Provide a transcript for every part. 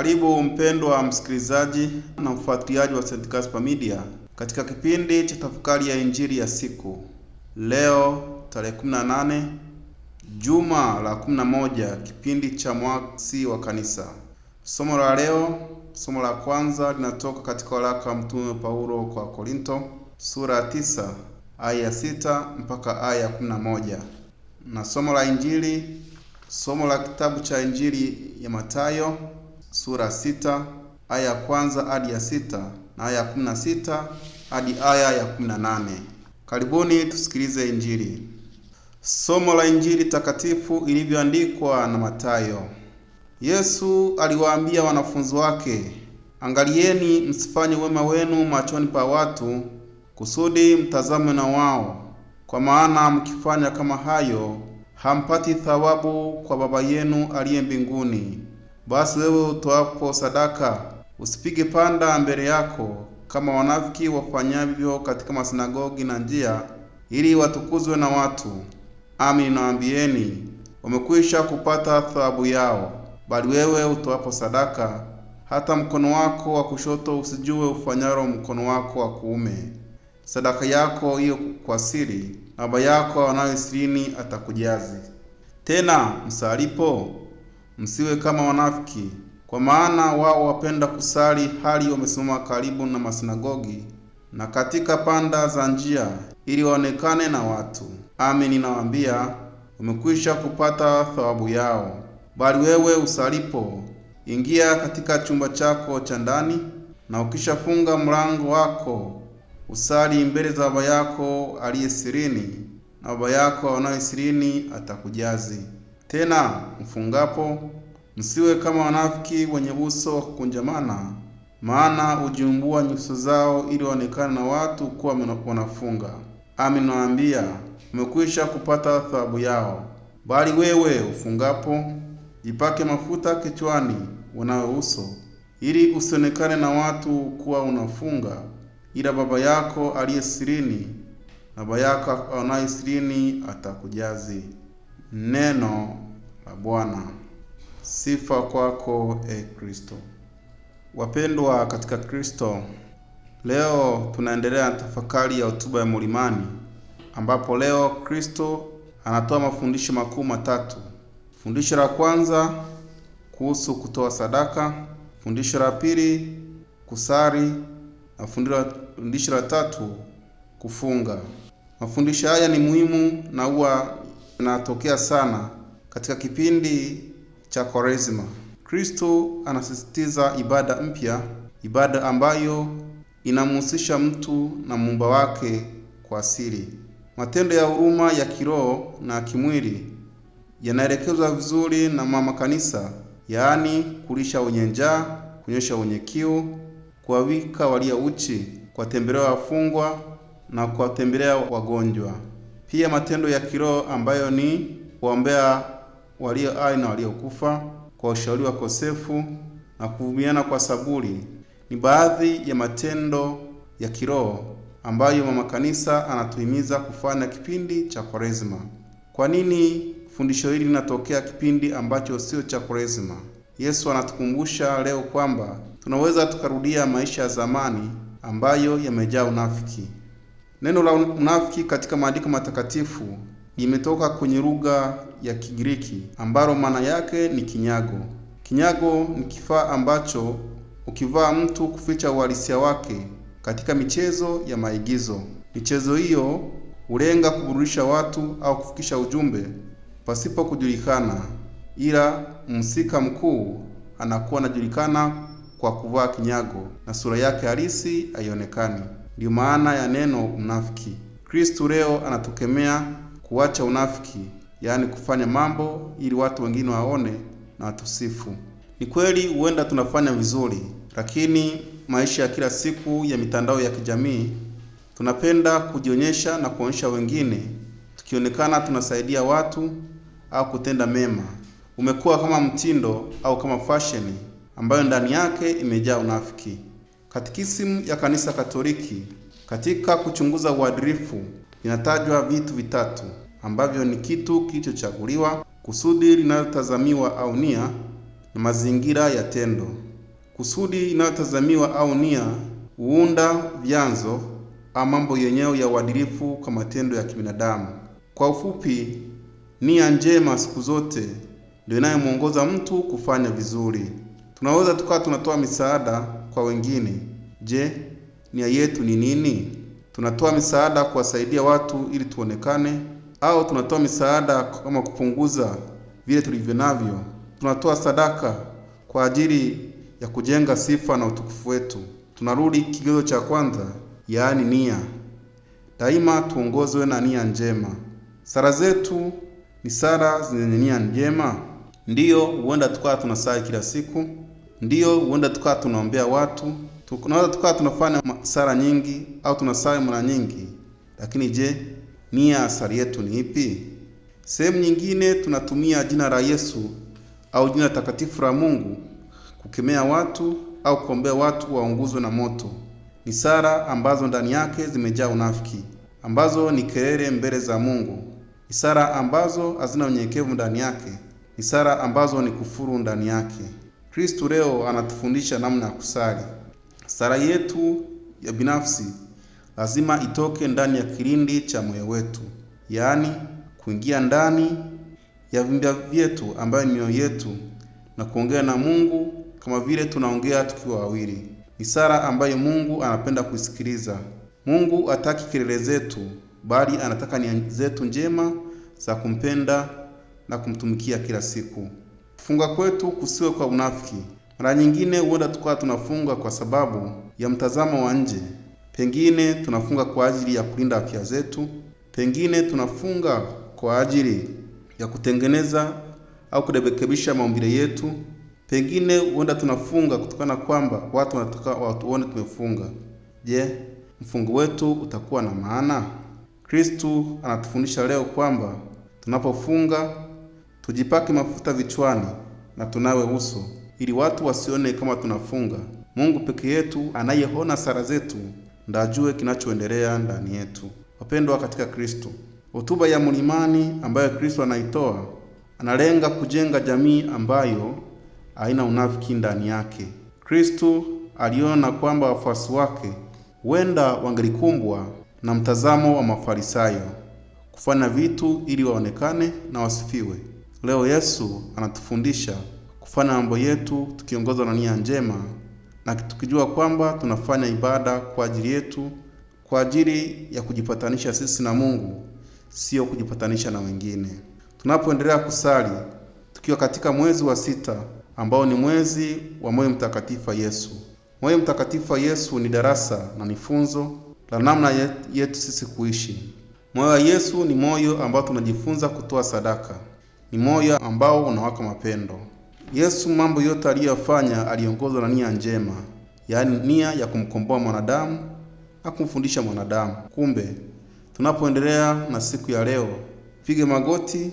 Karibu mpendwa msikilizaji na mfuatiliaji wa St. Gaspar Media katika kipindi cha tafakari ya injili ya siku leo tarehe 18 juma la 11 kipindi cha mwaka wa kanisa. Somo la leo, somo la kwanza linatoka katika waraka Mtume Paulo kwa Korinto sura ya 9 aya ya 6 mpaka aya ya 11, na somo la injili, somo la kitabu cha injili ya Mathayo sura sita aya ya kwanza hadi ya sita na aya ya kumi na sita hadi aya ya kumi na nane. Karibuni tusikilize Injili. Somo la Injili takatifu ilivyoandikwa na Matayo. Yesu aliwaambia wanafunzi wake, angalieni msifanye wema wenu machoni pa watu, kusudi mtazame na wao, kwa maana mkifanya kama hayo hampati thawabu kwa Baba yenu aliye mbinguni basi wewe utoapo sadaka usipige panda mbele yako kama wanafiki wafanyavyo katika masinagogi na njia, ili watukuzwe na watu. Amin, nawaambieni wamekwisha kupata thawabu yao. Bali wewe utoapo sadaka, hata mkono wako wa kushoto usijue ufanyalo mkono wako wa kuume. Sadaka yako iyo kwa siri, Baba yako anayo sirini atakujazi. Tena msalipo msiwe kama wanafiki, kwa maana wao wapenda kusali hali wamesimama karibu na masinagogi na katika panda za njia, ili waonekane na watu. amini ninawaambia wamekwisha kupata thawabu yao. Bali wewe usalipo, ingia katika chumba chako cha ndani, na ukishafunga mlango wako usali mbele za Baba yako aliye sirini, na Baba yako aonaye sirini atakujazi. Tena mfungapo msiwe kama wanafiki wenye uso wa kukunjamana, maana hujiumbua nyuso zao ili waonekane na watu kuwa wanafunga. Amin, nawaambia umekwisha kupata thawabu yao. Bali wewe ufungapo, jipake mafuta kichwani, unawe uso, ili usionekane na watu kuwa unafunga, ila Baba yako aliye sirini, Baba yako aonaye sirini atakujazi. Neno la Bwana. Sifa kwako e Kristo. Wapendwa katika Kristo, leo tunaendelea na tafakari ya hotuba ya Mlimani, ambapo leo Kristo anatoa mafundisho makuu matatu. Fundisho la kwanza kuhusu kutoa sadaka, fundisho la pili kusali, na fundisho la tatu kufunga. Mafundisho haya ni muhimu na huwa inatokea sana katika kipindi cha Kwaresima. Kristo anasisitiza ibada mpya, ibada ambayo inamhusisha mtu na muumba wake kwa asili. Matendo ya huruma ya kiroho na kimwili yanaelekezwa vizuri na mama kanisa, yaani kulisha wenye njaa, kunyosha wenye kiu, kuwavika walio uchi, kuwatembelea wafungwa na kuwatembelea wagonjwa. Pia matendo ya kiroho ambayo ni kuombea walio hai na waliokufa, kwa ushauri kosefu na kuvumiliana kwa saburi, ni baadhi ya matendo ya kiroho ambayo mama kanisa anatuhimiza kufanya kipindi cha Kwaresma. Kwa nini fundisho hili linatokea kipindi ambacho sio cha Kwaresma? Yesu anatukumbusha leo kwamba tunaweza tukarudia maisha ya zamani ambayo yamejaa unafiki. Neno la unafiki katika maandiko matakatifu limetoka kwenye lugha ya Kigiriki ambalo maana yake ni kinyago. Kinyago ni kifaa ambacho ukivaa mtu kuficha uhalisia wake katika michezo ya maigizo. Michezo hiyo hulenga kuburudisha watu au kufikisha ujumbe pasipo kujulikana, ila mhusika mkuu anakuwa anajulikana kwa kuvaa kinyago na sura yake halisi haionekani. Ndiyo maana ya neno mnafiki. Kristu leo anatukemea kuacha unafiki, yaani kufanya mambo ili watu wengine waone na watusifu. Ni kweli huenda tunafanya vizuri, lakini maisha ya kila siku ya mitandao ya kijamii tunapenda kujionyesha na kuonyesha wengine, tukionekana tunasaidia watu au kutenda mema. Umekuwa kama mtindo au kama fasheni ambayo ndani yake imejaa unafiki. Katikisimu ya Kanisa Katoliki katika kuchunguza uadilifu inatajwa vitu vitatu ambavyo ni kitu kilichochaguliwa, kusudi linalotazamiwa au nia, na mazingira ya tendo. Kusudi linalotazamiwa au nia huunda vyanzo au mambo yenyewe ya uadilifu kwa matendo ya kibinadamu. Kwa ufupi, nia njema siku zote ndio inayomwongoza mtu kufanya vizuri. Tunaweza tukawa tunatoa misaada kwa wengine. Je, nia yetu ni nini? Tunatoa misaada kuwasaidia watu ili tuonekane, au tunatoa misaada kama kupunguza vile tulivyo navyo? Tunatoa sadaka kwa ajili ya kujenga sifa na utukufu wetu. Tunarudi kigezo cha kwanza, yaani nia. Daima tuongozwe na nia njema. Sala zetu ni sala zenye nia njema. Ndiyo, huenda tukawa tunasali kila siku Ndiyo, huenda tukawa tunaombea watu, tunaweza tukawa tunafanya sara nyingi au tunasali mara nyingi, lakini je, nia asari yetu ni ipi? Sehemu nyingine tunatumia jina la Yesu au jina takatifu la Mungu kukemea watu au kuombea watu waunguzwe na moto. Ni sara ambazo ndani yake zimejaa unafiki, ambazo ni kelele mbele za Mungu. Ni sara ambazo hazina unyenyekevu ndani yake. Ni sara ambazo ni kufuru ndani yake. Kristo leo anatufundisha namna ya kusali. Sala yetu ya binafsi lazima itoke ndani ya kilindi cha moyo wetu, yaani kuingia ndani ya vimba vyetu ambayo ni mioyo yetu na kuongea na Mungu kama vile tunaongea tukiwa wawili. Ni sala ambayo Mungu anapenda kusikiliza. Mungu hataki kelele zetu, bali anataka nia zetu njema za kumpenda na kumtumikia kila siku kufunga kwetu kusiwe kwa unafiki. Mara nyingine huenda tukawa tunafunga kwa sababu ya mtazamo wa nje, pengine tunafunga kwa ajili ya kulinda afya zetu, pengine tunafunga kwa ajili ya kutengeneza au kurekebisha maumbile yetu, pengine huenda tunafunga kutokana kwamba watu wanataka watuone tumefunga. Je, mfungo wetu utakuwa na maana? Kristu anatufundisha leo kwamba tunapofunga Tujipake mafuta vichwani na tunawe uso, ili watu wasione kama tunafunga. Mungu peke yetu anayeona sara zetu ndajue kinachoendelea ndani yetu. Wapendwa katika Kristo, hotuba ya mlimani ambayo Kristo anaitoa analenga kujenga jamii ambayo haina unafiki ndani yake. Kristo aliona kwamba wafuasi wake huenda wangelikumbwa na mtazamo wa Mafarisayo, kufanya vitu ili waonekane na wasifiwe. Leo Yesu anatufundisha kufanya mambo yetu tukiongozwa na nia njema na tukijua kwamba tunafanya ibada kwa ajili yetu, kwa ajili ya kujipatanisha sisi na Mungu, sio kujipatanisha na wengine. Tunapoendelea kusali tukiwa katika mwezi wa sita ambao ni mwezi wa moyo mtakatifu Yesu. Moyo mtakatifu Yesu ni darasa na mifunzo la namna yetu sisi kuishi. Moyo wa Yesu ni moyo ambao tunajifunza kutoa sadaka ni moyo ambao unawaka mapendo. Yesu mambo yote aliyofanya aliongozwa na nia njema, yaani nia ya kumkomboa mwanadamu na kumfundisha mwanadamu. Kumbe tunapoendelea na siku ya leo, pige magoti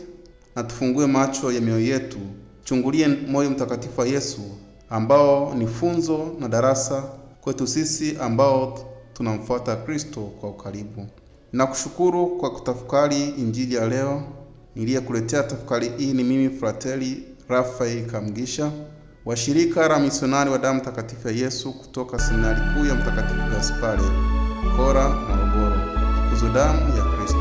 na tufungue macho ya mioyo yetu, chungulie moyo mtakatifu wa Yesu ambao ni funzo na darasa kwetu sisi ambao tunamfuata Kristo kwa ukaribu. Nakushukuru kwa kutafakari injili ya leo. Niliyakuletea tafakari hii ni mimi Frateli Rafael Kamgisha wa shirika la misionari wa damu takatifu ya Yesu kutoka seminari kuu ya Mtakatifu Gaspari Kora, Morogoro. Tukuze damu ya Kristo!